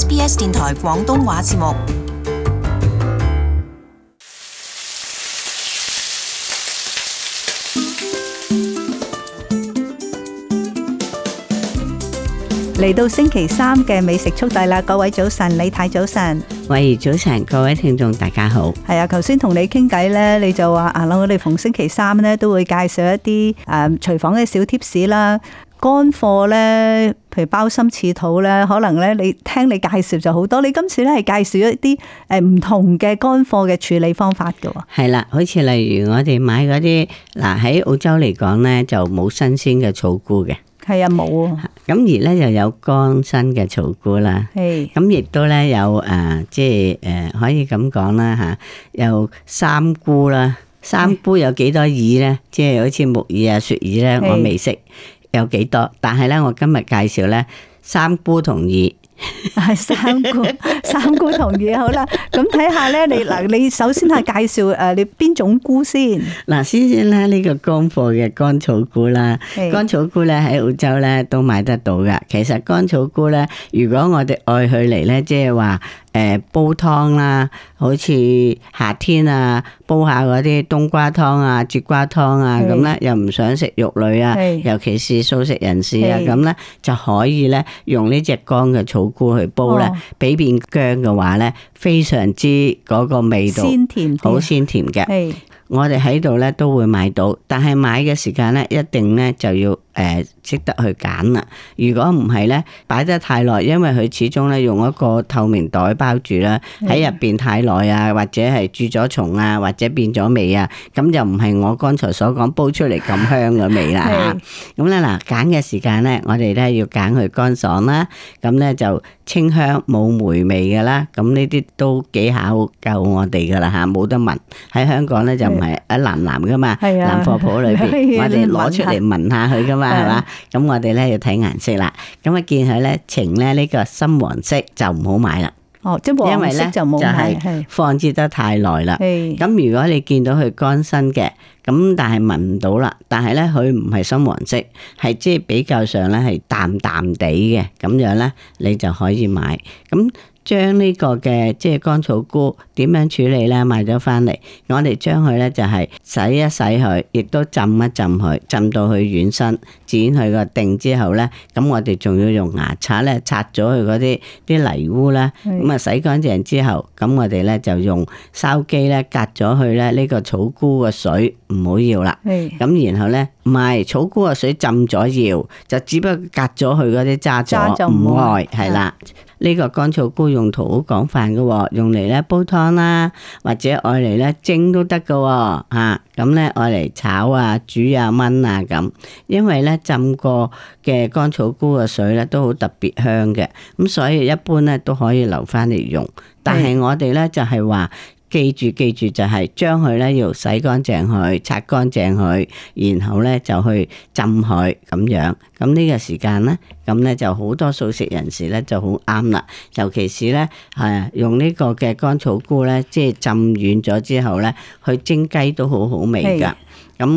SBS 電台廣東話節目嚟到星期三嘅美食速遞啦！各位早晨，李太早晨，喂，早晨，各位聽眾大家好。係啊，頭先同你傾偈咧，你就話啊，我哋逢星期三咧都會介紹一啲誒廚房嘅小貼士啦。乾貨咧，譬如鮑參翅肚咧，可能咧你聽你介紹就好多。你今次咧係介紹一啲誒唔同嘅乾貨嘅處理方法嘅喎，係啦，好似例如我哋買嗰啲嗱喺澳洲嚟講咧就冇新鮮嘅草菇嘅，係啊冇啊。咁而咧又有乾身嘅草菇啦，係，咁亦都咧有誒，即係誒可以咁講啦嚇，有三菇啦，三菇有幾多耳咧？即係好似木耳啊、雪耳咧，我未食。有幾多？但係咧，我今日介紹咧三菇同二係三菇， 三菇同二好啦。咁睇下咧，你嗱，你首先係介紹誒，你邊種菇先？嗱，先先咧呢個乾貨嘅乾草菇啦，是乾草菇咧喺澳洲咧都買得到噶。其實乾草菇咧，如果我哋愛佢嚟咧，即係話。誒、呃，煲湯啦，好似夏天啊，煲下嗰啲冬瓜湯啊、節瓜湯啊，咁咧是又唔想食肉類啊，是尤其是素食人士啊，咁咧是就可以咧用呢隻乾嘅草菇去煲咧，俾片薑嘅話咧，非常之嗰個味道，好鮮甜嘅。甜是我哋喺度咧都會買到，但係買嘅時間咧一定咧就要。誒，識得去揀啦。如果唔係咧，擺得太耐，因為佢始終咧用一個透明袋包住啦，喺入邊太耐啊，或者係蛀咗蟲啊，或者變咗味啊，咁就唔係我剛才所講煲出嚟咁香嘅味啦嚇。咁咧嗱，揀嘅時間咧，我哋咧要揀佢乾爽啦。咁咧就清香冇霉味噶啦。咁呢啲都幾考究我哋噶啦嚇，冇得聞。喺香港咧就唔係喺南南噶嘛，南貨鋪裏邊，我哋攞出嚟聞下佢噶嘛。係嘛？咁我哋咧要睇顏色啦。咁啊見佢咧呈咧呢個深黃色就唔好買啦。哦，即係黃色就冇係，因為係放置得太耐啦。咁是如果你見到佢乾身嘅，咁但係聞唔到啦。但係咧佢唔係深黃色，係即係比較上咧係淡淡地嘅咁樣咧，你就可以買咁。將呢個嘅即係乾草菇點樣處理呢？買咗翻嚟，我哋將佢呢就係洗一洗佢，亦都浸一浸佢，浸到佢軟身，剪佢個定之後呢，咁我哋仲要用牙刷呢擦咗佢嗰啲啲泥污啦。咁啊是洗乾淨之後，咁我哋呢就用筲箕呢隔咗去呢。呢個草菇嘅水唔好要啦。咁是然後呢，唔係草菇嘅水浸咗要，就只不過隔咗佢嗰啲渣渣。唔愛係啦。是呢個乾草菇用途好廣泛㗎喎、哦，用嚟咧煲湯啦、啊，或者愛嚟咧蒸都得㗎喎，咁咧愛嚟炒啊、煮啊、燜啊咁。因為咧浸過嘅乾草菇嘅水咧都好特別香嘅，咁所以一般咧都可以留返嚟用。但係我哋咧就係、是、話。記住記住就係、是、將佢咧要洗乾淨佢，擦乾淨佢，然後咧就去浸佢咁樣。咁、這、呢個時間咧，咁咧就好多素食人士咧就好啱啦。尤其是咧，係啊，用呢個嘅乾草菇咧，即係浸軟咗之後咧，去蒸雞都好好味噶。咁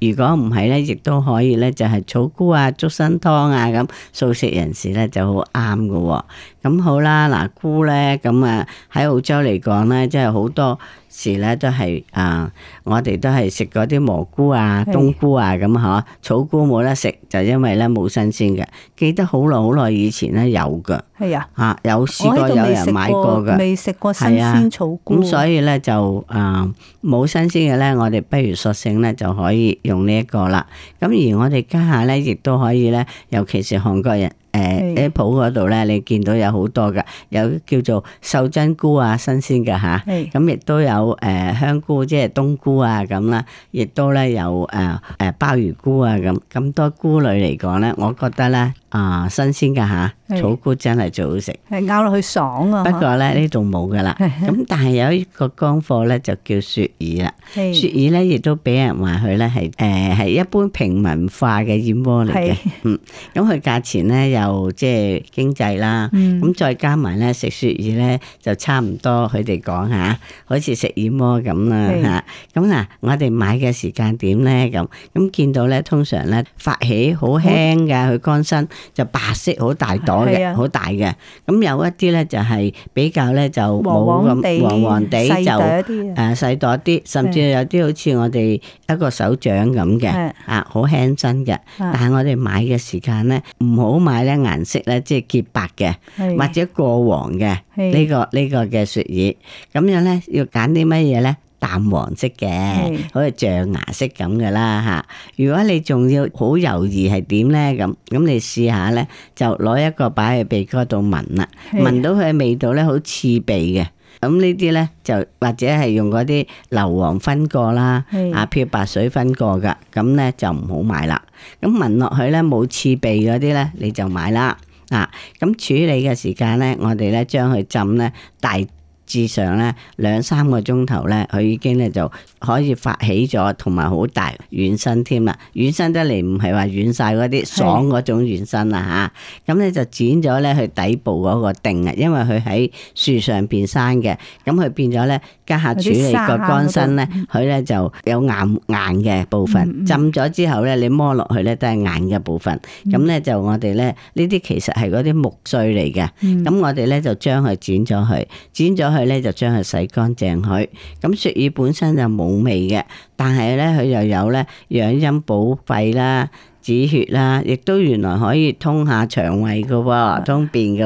如果唔係咧，亦都可以咧，就係、是、草菇啊、竹笙湯啊，咁素食人士咧就、哦、好啱噶。咁好啦，嗱菇咧，咁啊喺澳洲嚟講咧，真係好多。時咧都係啊，uh, 我哋都係食嗰啲蘑菇啊、冬菇啊咁嗬是，草菇冇得食，就因為咧冇新鮮嘅。記得好耐好耐以前咧有嘅，係啊，啊有試過有人買過嘅，未食過，未食過新鮮草菇，咁、啊嗯、所以咧就啊冇、uh, 新鮮嘅咧，我哋不如索性咧就可以用呢一個啦。咁、嗯、而我哋家下咧亦都可以咧，尤其是韓國人。誒，喺鋪嗰度咧，你見到有好多噶，有叫做秀珍菇啊，新鮮嘅吓。咁、哦、亦都有誒香菇，即係冬菇啊咁啦，亦、嗯、都咧有誒誒鮑魚菇啊咁，咁多菇類嚟講咧，我覺得咧啊、哦、新鮮嘅吓，草菇真係最好食，咬落去爽啊！不過咧呢度冇噶啦，咁 但係有一個乾貨咧就叫雪耳啦，雪耳咧亦都俾人話佢咧係誒係一般平民化嘅燕窩嚟嘅是， 嗯，咁佢價錢咧又即係經濟啦，咁再加埋咧食雪耳咧就差唔多，佢哋講吓，好似食燕窩咁啦吓。咁嗱，我哋買嘅時間點咧咁，咁見到咧通常咧發起好輕嘅，佢乾身就白色好大朵嘅，好大嘅。咁有一啲咧就係比較咧就冇咁黃黃地就誒細朵啲，甚至有啲好似我哋一個手掌咁嘅啊，好輕身嘅。但係我哋買嘅時間咧唔好買咧。顏色咧，即係潔白嘅，是的 或者過黃嘅呢是的 個呢個嘅雪耳，咁樣咧要揀啲乜嘢咧？淡黃色嘅，好似象牙色咁噶啦吓。如果你仲要好猶豫係點咧咁，咁你試下咧，就攞一個擺喺鼻哥度聞啦，聞到佢嘅味道咧好刺鼻嘅。咁呢啲咧就或者係用嗰啲硫磺熏過啦，啊是漂白水熏過噶，咁咧就唔好買啦。咁聞落去咧冇刺鼻嗰啲咧你就買啦。啊，咁處理嘅時間咧，我哋咧將佢浸咧大。至上咧兩三個鐘頭咧，佢已經咧就可以發起咗，同埋好大軟身添啦。軟身得嚟唔係話軟晒啲爽嗰種軟身啦吓，咁咧是的、啊、就剪咗咧佢底部嗰個定啊，因為佢喺樹上邊生嘅，咁佢變咗咧家下處理個乾身咧，佢咧就有硬硬嘅部分。嗯嗯，浸咗之後咧，你摸落去咧都係硬嘅部分。咁咧、嗯嗯、就我哋咧呢啲其實係嗰啲木碎嚟嘅。咁我哋咧就將佢剪咗去剪咗去。佢咧就將佢洗乾淨佢，咁雪耳本身就冇味嘅，但係咧佢又有咧養陰補肺啦、止血啦，亦都原來可以通下腸胃噶，通便噶，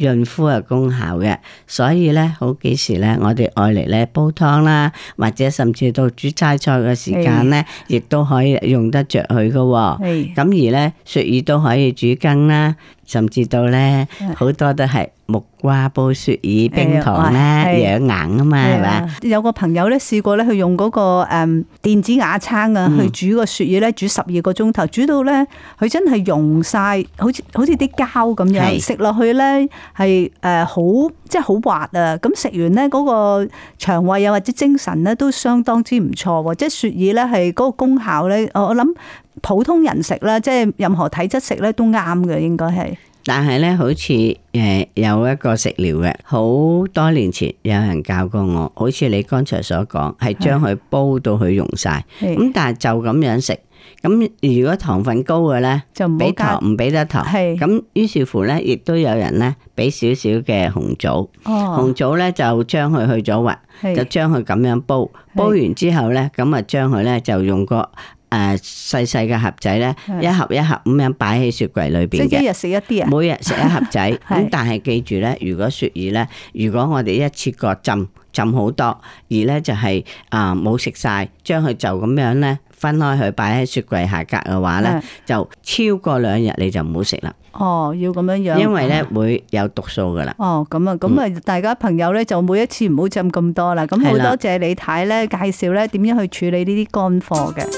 潤膚嘅功效嘅，所以咧好幾時咧我哋愛嚟咧煲湯啦，或者甚至到煮齋菜嘅時間咧，亦都可以用得着佢噶，咁的而咧雪耳都可以煮羹啦。甚至到咧，好多都係木瓜煲雪耳冰糖咧、哎，養眼啊嘛，係嘛？有個朋友咧試過咧，佢用嗰個誒電子瓦罉啊，去煮個雪耳咧，煮十二個鐘頭，煮到咧，佢真係溶晒，好似好似啲膠咁樣，食落去咧係誒好即係好滑啊！咁食完咧嗰個腸胃又或者精神咧都相當之唔錯喎，即係雪耳咧係嗰個功效咧，我我諗。普通人食啦，即係任何體質食咧都啱嘅，應該係。但係咧，好似誒有一個食療嘅，好多年前有人教過我，好似你剛才所講，係將佢煲到佢溶晒。咁是但係就咁樣食，咁如果糖分高嘅咧，就唔俾糖，唔俾得糖。咁於是，是乎咧，亦都有人咧俾少少嘅紅棗。哦，紅棗咧就將佢去咗核，是就將佢咁樣煲，是煲完之後咧，咁啊將佢咧就用個。誒，細細嘅盒仔咧，的一盒一盒咁樣擺喺雪櫃裏邊嘅，即每日食一啲啊，每日食一盒仔咁。 的但係記住咧，如果雪耳咧，如果我哋一次過浸浸好多，而咧就係啊冇食晒，將佢就咁樣咧分開去擺喺雪櫃下格嘅話咧，的就超過兩日你就唔好食啦。哦，要咁樣樣，因為咧、嗯、會有毒素噶啦。哦，咁啊，咁、嗯、啊，大家朋友咧就每一次唔好浸咁多啦。咁好多謝李太咧介紹咧點樣去處理呢啲乾貨嘅。